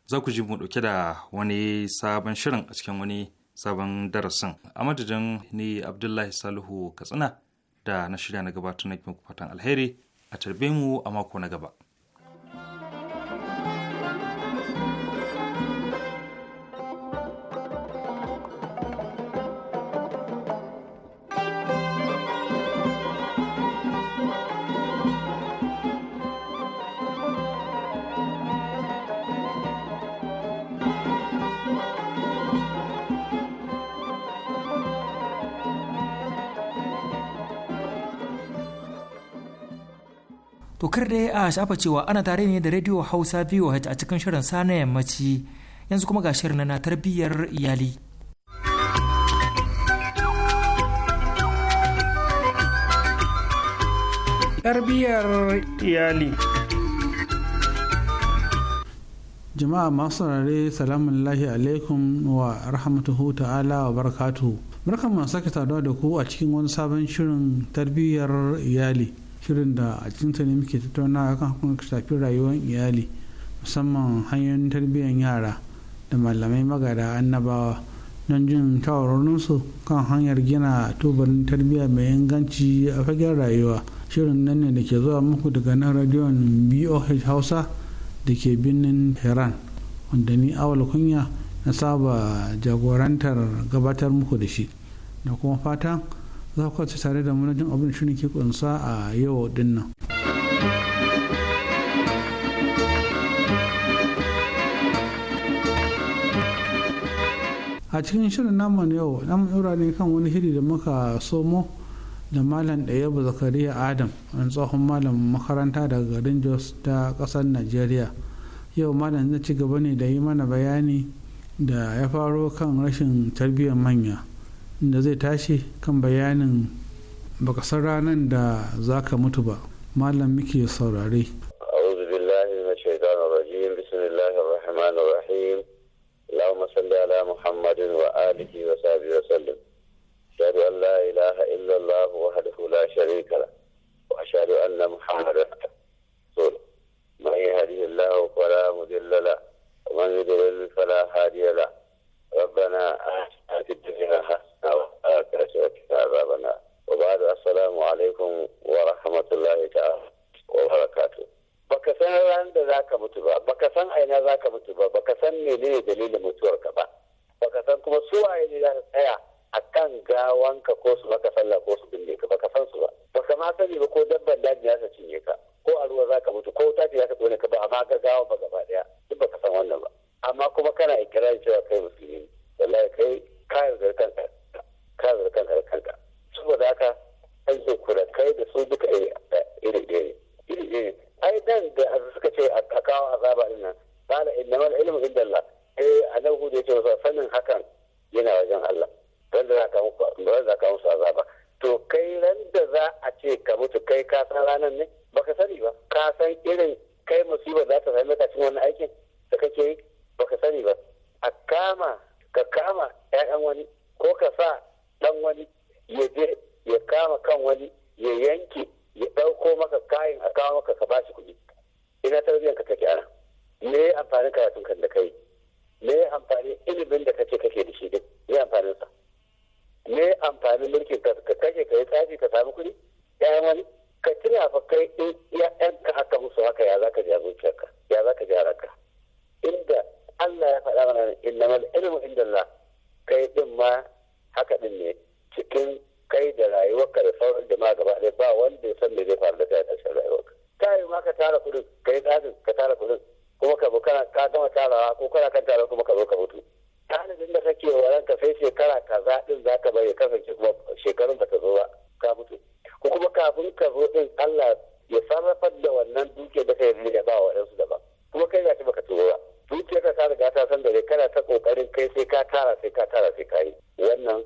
za ku ji mu ɗauke da wani sabon shirin a cikin wani sabon darasin a madadin ni Abdullahi Salihu Katsina da na shirya na gabatar na fatan alheri a tarbe mu a mako na gaba. To kar dai a shafa cewa ana tare ne da Radio Hausa VOH a cikin shirin sani yammaci yanzu kuma ga shirin na tarbiyyar iyali. Tarbiyyar iyali. Jama'a masu saurare salamun lahi alaikum wa rahmatuhu ta'ala wa barakatuhu. Barkan masu sake saduwa da ku a cikin wani sabon shirin tarbiyyar iyali. shirin da a cikin ne muke tattauna kan hukumar shafi rayuwar iyali musamman hanyoyin tarbiyyar yara da malamai magada annabawa don jin shawarwarinsu kan hanyar gina tubarin tarbiyya mai inganci a fagen rayuwa shirin nan ne da ke zuwa muku daga nan radiyon boh hausa da ke birnin tehran wanda ni awal kunya na saba jagorantar gabatar muku da shi da kuma fatan za ku ci tare da manajin abin shirin ke kunsa a yau din nan. a cikin shirin naman yau namu ɗora ne kan wani shiri da muka somo da malam ɗayabu zakariya adam an tsohon malam makaranta daga garin jos ta ƙasar najeriya yau malam zai ci gaba ne da yi mana bayani da ya faro kan rashin tarbiyyar manya da zai tashi kan bayanin baka san ranar da za ka mutu ba malam muke saurare اللهم صل على محمد وآله وصحبه وسلم أشهد أن لا إله إلا الله وحده لا شريك له وأشهد أن محمدا رسوله من يهده الله فلا مضل له ومن يضلل فلا هادي له ربنا آتنا في الدنيا حسنة وآخرة وقنا عذاب وبعد السلام عليكم ورحمة الله تعالى وبركاته بكسان عند ذاك متبا بكسان اين ذاك متبا بكسان aina دليل mutu ba بكسان كما سوى dalilin mutuwarka ba baka ka tsaya a kan gawanka ko su maka sallah ko su binne ka baka san su ba baka ma sani ba ko dabban daji za ta cinye ka ko a za ka mutu ko wuta ce za ta kone ka ba amma ka gawa ba gaba daya duk baka san wannan ba amma kuma kana ikirarin cewa kai musulmi wallahi kai ka yarda kanka ka yarda kanka da kanka saboda haka an so kula kai da su duka iri iri iri iri ai dan da azu suka ce a kawo azaba din nan qala innamal ilmu indallah eh annabi da ce ba sanin hakan yana wajen Allah wanda za ka muku wanda za ka musu azaba to kai ran da za a ce ka mutu kai ka san ranar ne baka sani ba ka san irin kai musibar za ta sami ka cikin wannan aikin da kake yi baka sani ba a kama ka kama 'ya'yan wani ko ka sa ɗan wani ya je ya kama kan wani ya yanke ya ɗauko maka kayan a kawo maka ka bashi kuɗi ina tarbiyyar ka take ana me amfani karatun kan da kai me amfani ilimin da kake kake da shi din me amfani sa me amfanin mulkin ka ka kake ka yi tsafi ka sami kuɗi ‘ya’yan wani ka tuna fa kai in ka haka musu haka ya za ji a zuciyarka ya zaka ji a inda Allah ya faɗa mana innamal ilmu inda Allah kai din ma haka din ne cikin kai da rayuwarka da sauran jama'a gaba ɗaya ba wanda ya san me zai faru da kai a ƙarshen rayuwarka ta yi ma ka tara kuɗin ka yi tsarin ka tara kuɗin kuma ka bu kana ka gama tarawa ko kana kan tarawa kuma ka zo ka mutu ɗalibin da kake wa ranka sai shekara za ɗin za ka bari kasance kuma shekarun ba ta zo ba ka mutu ko kuma kafin ka zo ɗin Allah ya sarrafa da wannan dukiyar da kai da ba wa ɗansu daban kuma kai ga shi baka tuba ba zuciyarka ta riga ta san da dai kana ta kokarin kai sai ka tara sai ka tara sai ka yi wannan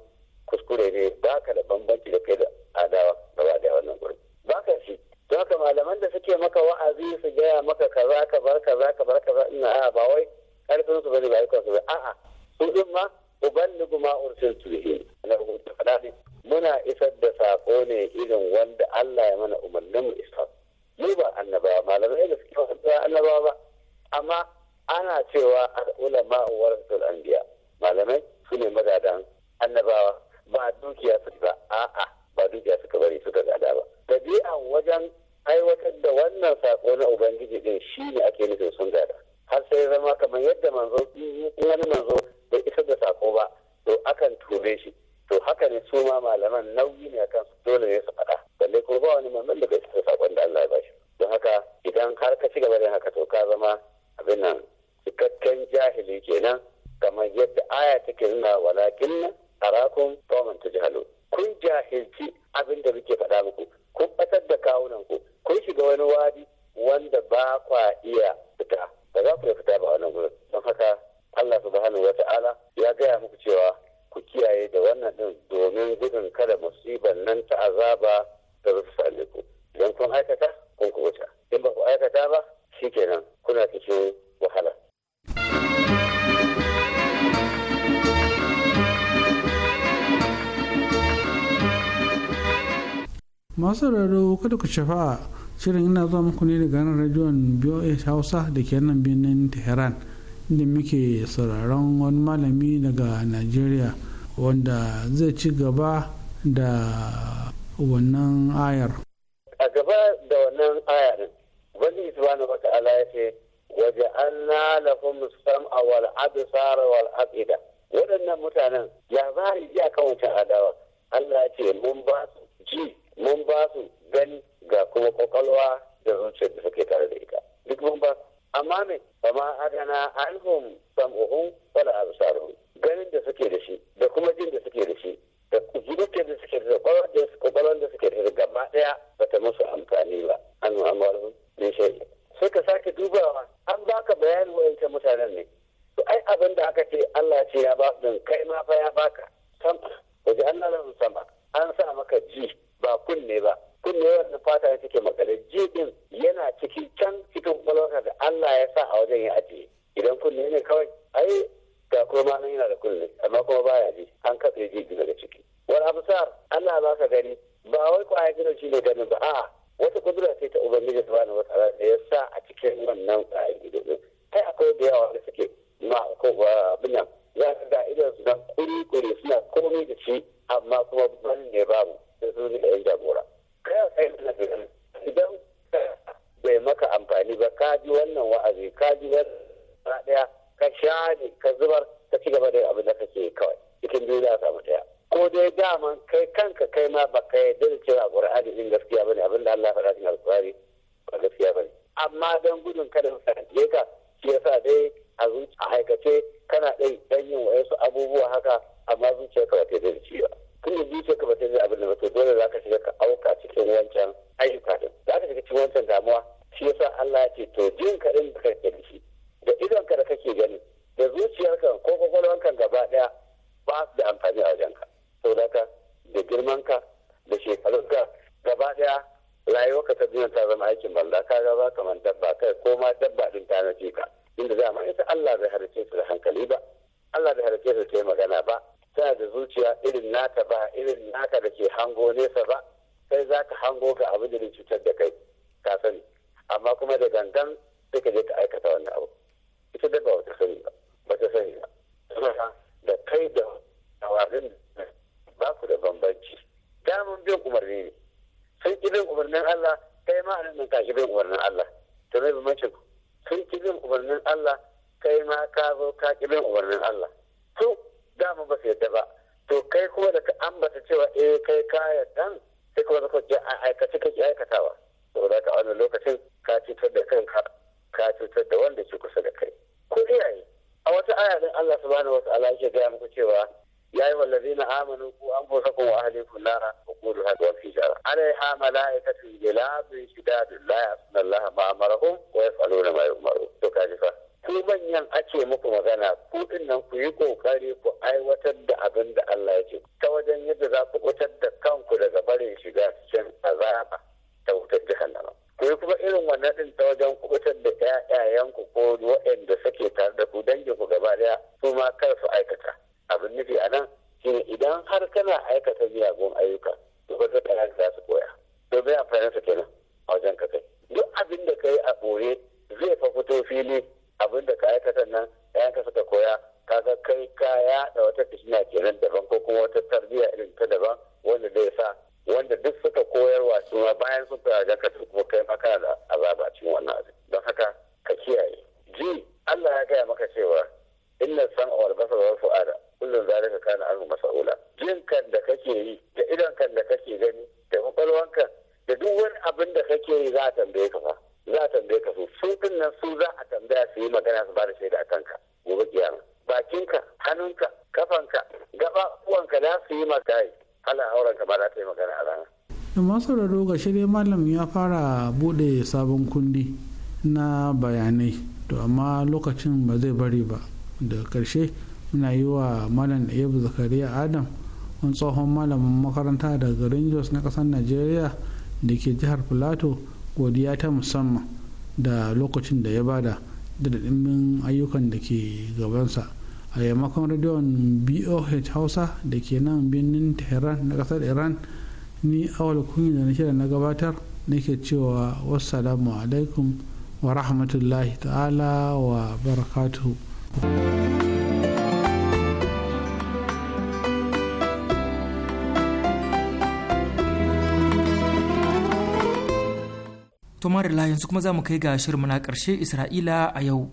kuskure ne ba ka da bambanci da kai da adawa ba da wannan gurin ba ka shi don haka malaman da suke maka wa'azi su gaya maka kaza ka bar kaza ka bar kaza ina a ba wai karfin su bane ba ikon su ba a'a su din ma uballigu ma su yi na rubuta ne muna isar da sako ne irin wanda Allah ya mana umarnin ana cewa ulama warasatul anbiya malamai kada ku shafa shirin ina zuwa muku ne daga nan rajiyon BOS Hausa da ke nan birnin Tehran inda muke sauraron wani malami daga Najeriya wanda zai ci gaba da wannan ayar hango abin da zai cutar da kai ka sani amma kuma da gangan sai ka je ka aikata wannan abu ita da ba wata sani ba ba ta sani ba da kai da tawarin ba ku da bambanci damun bin umarni ne sun ki bin umarnin Allah kai ma a nan kashi bin umarnin Allah to mai bambancin ku sun ki bin umarnin Allah kai ma ka zo ka ki bin umarnin Allah to damun ba su yadda ba to kai kuma da ka ambata cewa eh kai ka yadda sai kuma zaka a aikace kake aikatawa saboda ka wannan lokacin ka cutar da kanka ka cutar da wanda ke kusa da kai ko iyaye a wata aya ne Allah subhanahu wataala yake gaya muku cewa ya yi na amanu ku an bosa ku wa ahlikum nara wa qulu hadu wal hijara alaiha malaikatu shida da la sunan Allah ma amarahum wa yaf'aluna ma yu'maru to ji fa ku manyan ake muku magana ku nan ku yi kokari ku aiwatar da abin da Allah ya ce ta wajen yadda za ku kutar da kanku daga barin shiga cikin azaba ta wutar jahannama ku yi kuma irin wannan din ta wajen kubutar da ƴaƴayenku ko waɗanda suke tare da ku dangin ku gaba daya su ma kar su aikata abin nufi a nan shine idan har kana aikata miyagun ayyuka to ba zai za su koya to bai amfani su kenan a wajen ka kai duk abin da ka yi a ɓoye zai fa fito fili abin da ka aikata nan yayanka suka koya kaga kai ka yaɗa wata fitina kenan daban ko kuma wata tarbiyya irin ta daban wanda zai sa wanda duk suka koyarwa su ma bayan sun fara ganka kasu kuma kai ma kana da azaba cikin wannan abin don haka ka kiyaye ji Allah ya gaya maka cewa inna san wal basar wal fu'ada kullun zalika kana anhu mas'ula jin kan da kake yi da idan kan da kake gani da kwakwalwanka da duk wani abin da kake yi za a tambaye ka fa za a tambaye ka so su din nan su za a tambaya su yi magana su ba da shaida a kanka gobe kiyama bakinka hannunka kafanka gaba uwanka za su yi magana hala aurenka ba za ta yi magana a rana. da masu da ga shirya malam ya fara bude sabon kundi na bayanai to amma lokacin ba zai bari ba da karshe muna yi wa malam yabu zakariya adam wani tsohon malamin makaranta daga rangers na kasar najeriya da ke jihar plateau godiya ta musamman da lokacin da ya bada da daɗin ayyukan da ke gabansa a yammakon rediyon boh hausa da ke nan birnin tehran na ƙasar iran ni awal kunya da na da na gabatar nake cewa wassalamu alaikum wa rahmatullahi ta'ala wa barakatuhu marila yanzu kuma za mu kai ga shirin na ƙarshe isra'ila a yau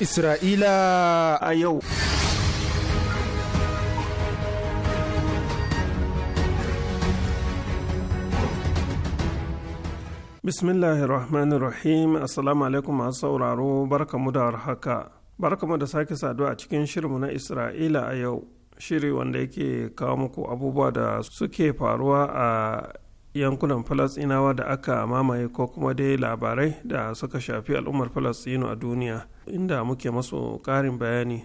isra'ila a yau bismillahir rahmanir rahim assalamu alaikum masu sauraro barkamu da warhaka barkamu da sake saduwa a cikin shirinmu na isra'ila a yau shiri wanda yake kawo muku abubuwa da suke faruwa a yankunan falasinawa da aka mamaye ko kuma dai labarai da suka shafi al'ummar falasinu a duniya inda muke masu ƙarin bayani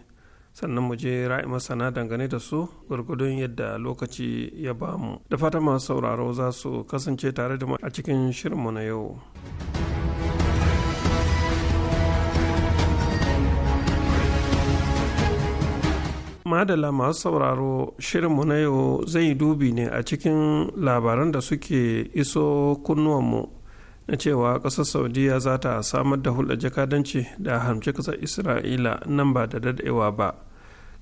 sannan mu je ra'ayi masana dangane da su gwargwadon yadda lokaci ya bamu da fata masu sauraro za su kasance tare da mu a cikin shirinmu na yau. madala masu sauraro shirinmu na yau zai dubi ne a cikin labaran da suke iso kunnuwanmu na cewa ƙasar saudiya za ta samar da hulɗar jakadanci da hamci ƙasar isra'ila nan ba da daɗewa ba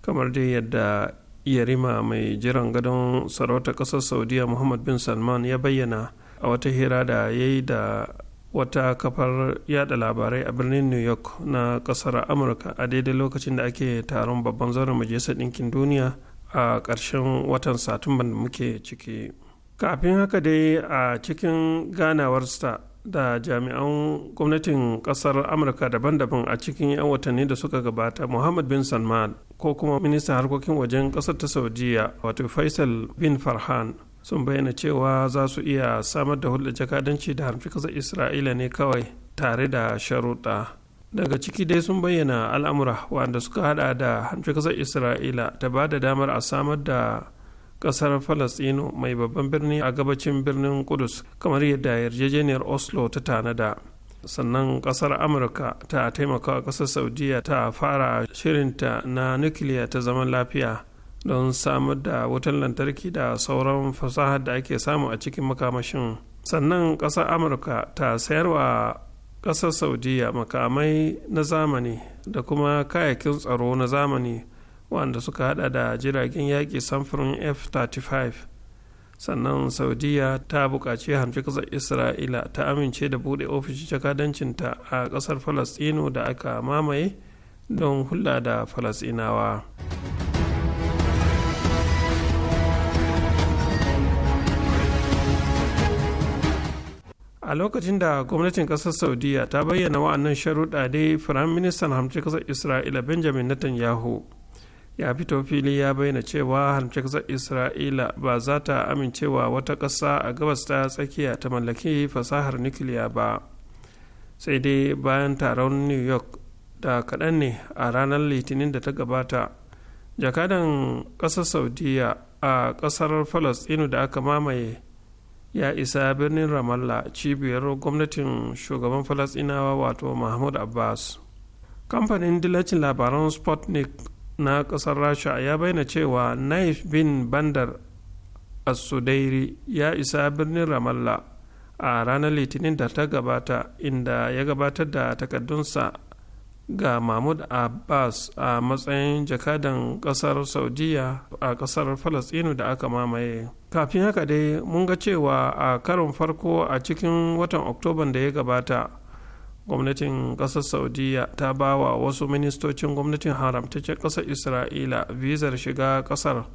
kamar dai yadda yarima mai jiran gadon sarauta ƙasar saudiya muhammad bin salman ya bayyana a wata hira da ya yi da wata kafar yada labarai a birnin new york na kasar amurka a daidai lokacin da ake taron babban zauren majalisar ɗinkin duniya a ƙarshen watan satumban da muke ciki kafin haka dai a cikin ganawar ganawarsa da jami'an gwamnatin kasar amurka daban-daban a cikin 'yan watanni da suka gabata muhammad bin salman ko kuma ministan harkokin wajen kasar ta saudiya wato faisal bin farhan sun bayyana cewa za su iya samar da hulɗar jakadanci da harfi ƙasar isra'ila ne kawai tare da sharuɗa daga ciki dai sun bayyana al'amura wanda suka hada da harfi ƙasar isra'ila ta ba da damar a samar da ƙasar falastino mai babban birni a gabacin birnin kudus kamar yadda yarjejeniyar oslo ta tanada sannan ƙasar amurka ta taimaka ƙasar saudiya ta fara shirinta na nukiliya ta zaman lafiya don samar da wutar lantarki da sauran fasahar da ake samu a cikin makamashin sannan ƙasar amurka ta sayarwa ƙasar saudiya makamai na zamani da kuma kayakin tsaro na zamani wanda suka hada da jiragen yaƙi samfurin f-35 sannan saudiya ta buƙaci hamci ƙasar isra'ila ta amince da buɗe ofishin jakadancinta a ƙasar falastino da aka mamaye don hula da falastinawa. a lokacin da gwamnatin kasar saudiya ta bayyana wa'annan sharuɗa dai firayim ministan hamci kasar isra'ila benjamin netanyahu ya fito fili ya bayyana cewa hamci kasar isra'ila ba za ta amincewa wata ƙasa a gabas ta tsakiya ta mallaki fasahar nukiliya ba sai dai bayan taron new york da kaɗan ne a ranar litinin da ta gabata jakadan ƙasar saudiya a ƙasar falastinu da aka mamaye ya isa birnin ramallah cibiyar gwamnatin shugaban falasinawa wato mahmud abbas kamfanin dilacin labaran sputnik na kasar rasha ya bayyana cewa naif bin bandar asudairi ya isa birnin ramallah a ranar litinin da ta gabata inda ya gabatar da takaddunsa ga mahmud abbas a matsayin jakadan kasar saudiya a kasar falasinu da aka mamaye kafin haka dai mun ga cewa a karin farko a cikin watan oktoban da ya gabata gwamnatin kasar saudiya ta ba wa wasu ministocin gwamnatin haramtaccen kasar isra'ila vizar shiga kasar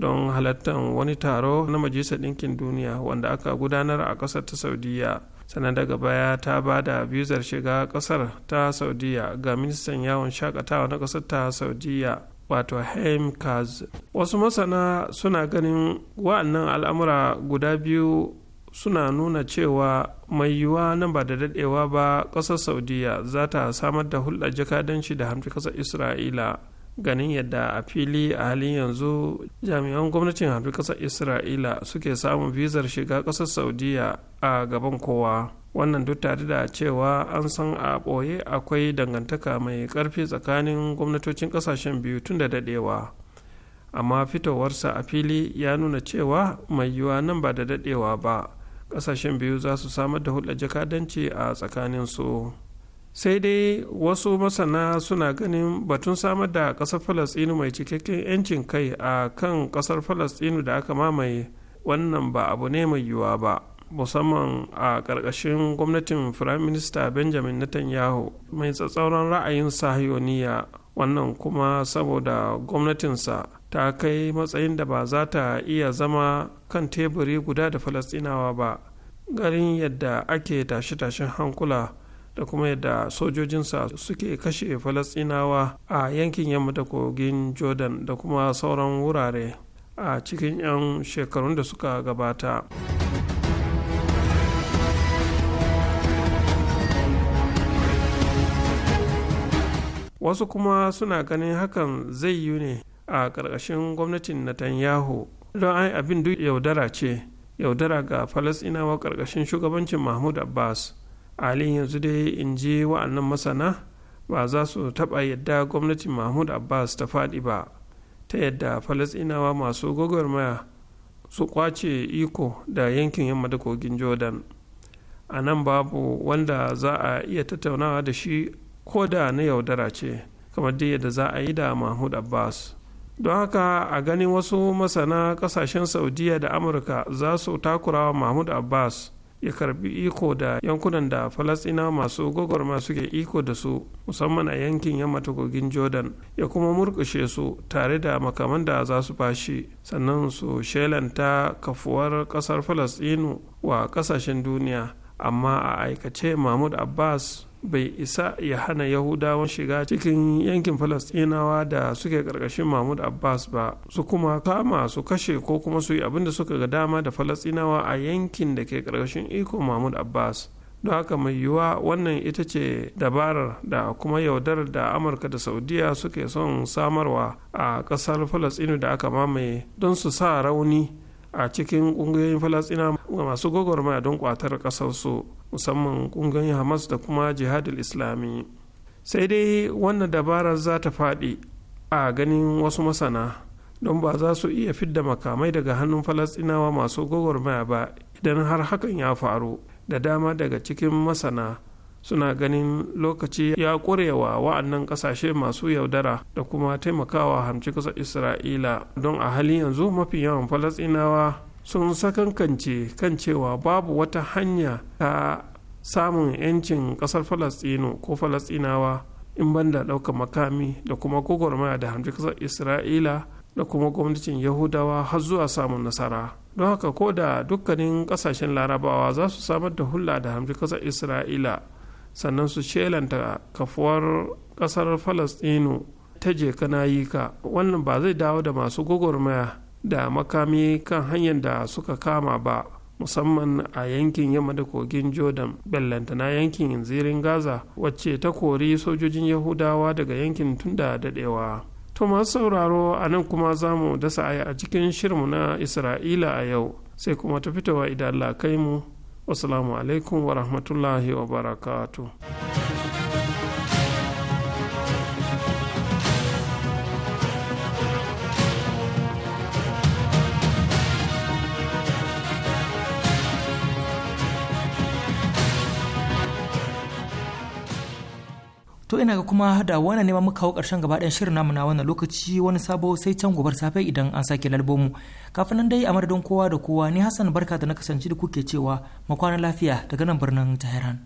don halartar wani taro na majalisar ɗinkin duniya wanda aka gudanar a kasar ta saudiya sannan daga baya ta ba da bizar shiga kasar ta saudiya ga ministan yawon shakatawa na kasar ta saudiya wato kaz wasu masana suna ganin wa'annan al'amura guda biyu suna nuna cewa mai yiwuwa nan ba da dadewa ba kasar saudiya za ta samar da hulɗar jakadanci da hamfi kasar isra'ila ganin yadda a fili a halin yanzu jami'an gwamnatin hadu ƙasar isra'ila suke samun vizar shiga ƙasar saudiya a gaban kowa wannan duk tare da cewa an san a ɓoye akwai dangantaka mai ƙarfi tsakanin gwamnatocin ƙasashen biyu tun da daɗewa amma fitowarsa a fili ya nuna cewa mai yiwuwa nan ba da daɗewa ba ƙasashen biyu za su samar da hulɗar jakadanci a tsakaninsu. su sai dai wasu masana suna ganin batun samar da ƙasar falasɗinu mai cikakken 'yancin kai a kan ƙasar falasɗinu da aka mamaye wannan ba abu ne mai yiwuwa ba musamman a ƙarƙashin gwamnatin firaminista benjamin netanyahu mai tsatsauran ra'ayin sahiyoniya wannan kuma saboda gwamnatinsa ta kai matsayin da ba za ta iya zama kan teburi guda da falasɗinawa ba garin yadda ake tashe-tashen hankula da kuma yadda sojojinsa suke kashe falasinawa a yankin yamma da kogin jordan da kuma sauran wurare a cikin 'yan shekarun da suka gabata wasu kuma suna ganin hakan zai yi ne a ƙarƙashin gwamnatin netanyahu don ai abin duk yaudara ce yaudara ga falasinawa ƙarƙashin shugabancin mahmud abbas alin yanzu dai in ji wa'annan masana ba za su taɓa yadda gwamnatin mahmud abbas ta faɗi ba ta yadda falasinawa masu gwagwarmaya su kwace iko da yankin yamma da kogin jordan a nan babu wanda za a iya tattaunawa da shi ko da na yaudara ce kamar dai yadda za a yi da mahmud abbas don haka a ganin wasu masana kasashen saudiya da amurka za su takurawa mahmud abbas ya karbi iko da yankunan da falasina masu gwagwarma suke iko da su musamman a yankin yamma kogin jordan ya kuma murkushe su tare da makaman da za su bashi sannan su shelanta kafuwar kasar falasinu wa kasashen duniya amma a aikace mahmud abbas bai isa ya hana yahudawan shiga cikin yankin falastinawa da suke karkashin mahmud abbas ba su kuma kama su kashe ko kuma su yi abin suka ga dama da falastinawa a yankin da ke karkashin ikon mahmud abbas don haka mai yiwuwa wannan ita ce dabarar da kuma yaudar da amurka da saudiya suke son samarwa a kasar falastinu da aka mamaye don su sa rauni a cikin ƙungiyoyin falastina masu gwagwarmaya don kwatar ƙasarsu musamman ƙungiyoyin hamas da kuma jihadul islami sai dai wannan dabarar za ta faɗi a ganin wasu masana don ba za su iya fidda makamai daga hannun falasɗinawa masu gwagwarmaya ba idan har hakan ya faru da dama daga cikin masana suna ganin lokaci ya kurewa wa'annan kasashe masu yaudara da kuma taimakawa hamci kusa isra'ila don a halin yanzu mafi yawan falasɗinawa sun sakankance kan cewa babu wata hanya ta samun 'yancin kasar falastino ko falastinawa in da ɗaukar makami da kuma gwagwarmaya da hamdi kasar isra'ila da kuma gwamnatin yahudawa har zuwa samun nasara don haka ko da dukkanin kasashen larabawa za su samar da hulla da hamdi kasar isra'ila sannan su shelanta kafuwar kasar falastino ta je kana yi ka wannan ba zai dawo da masu gwagwarmaya da makami kan hanyar da suka kama ba musamman a yankin yamma da kogin jordan na yankin zirin gaza wacce ta kori sojojin yahudawa daga yankin da dadewa to masu sauraro a nan kuma za mu dasa aya a cikin shirmu na isra'ila a yau sai kuma ta fitowa idan allah kai mu wasu alaikum wa rahmatullahi wa barakatuh to ina ga kuma da wani nema muka kawo karshen gaba ɗayan shirin namu na wannan lokaci wani sabo sai can gobar safe idan an sake lalbomu kafin nan dai a madadin kowa da kowa ni hassan barka da na kasance da kuke cewa makwana lafiya daga nan birnin tehran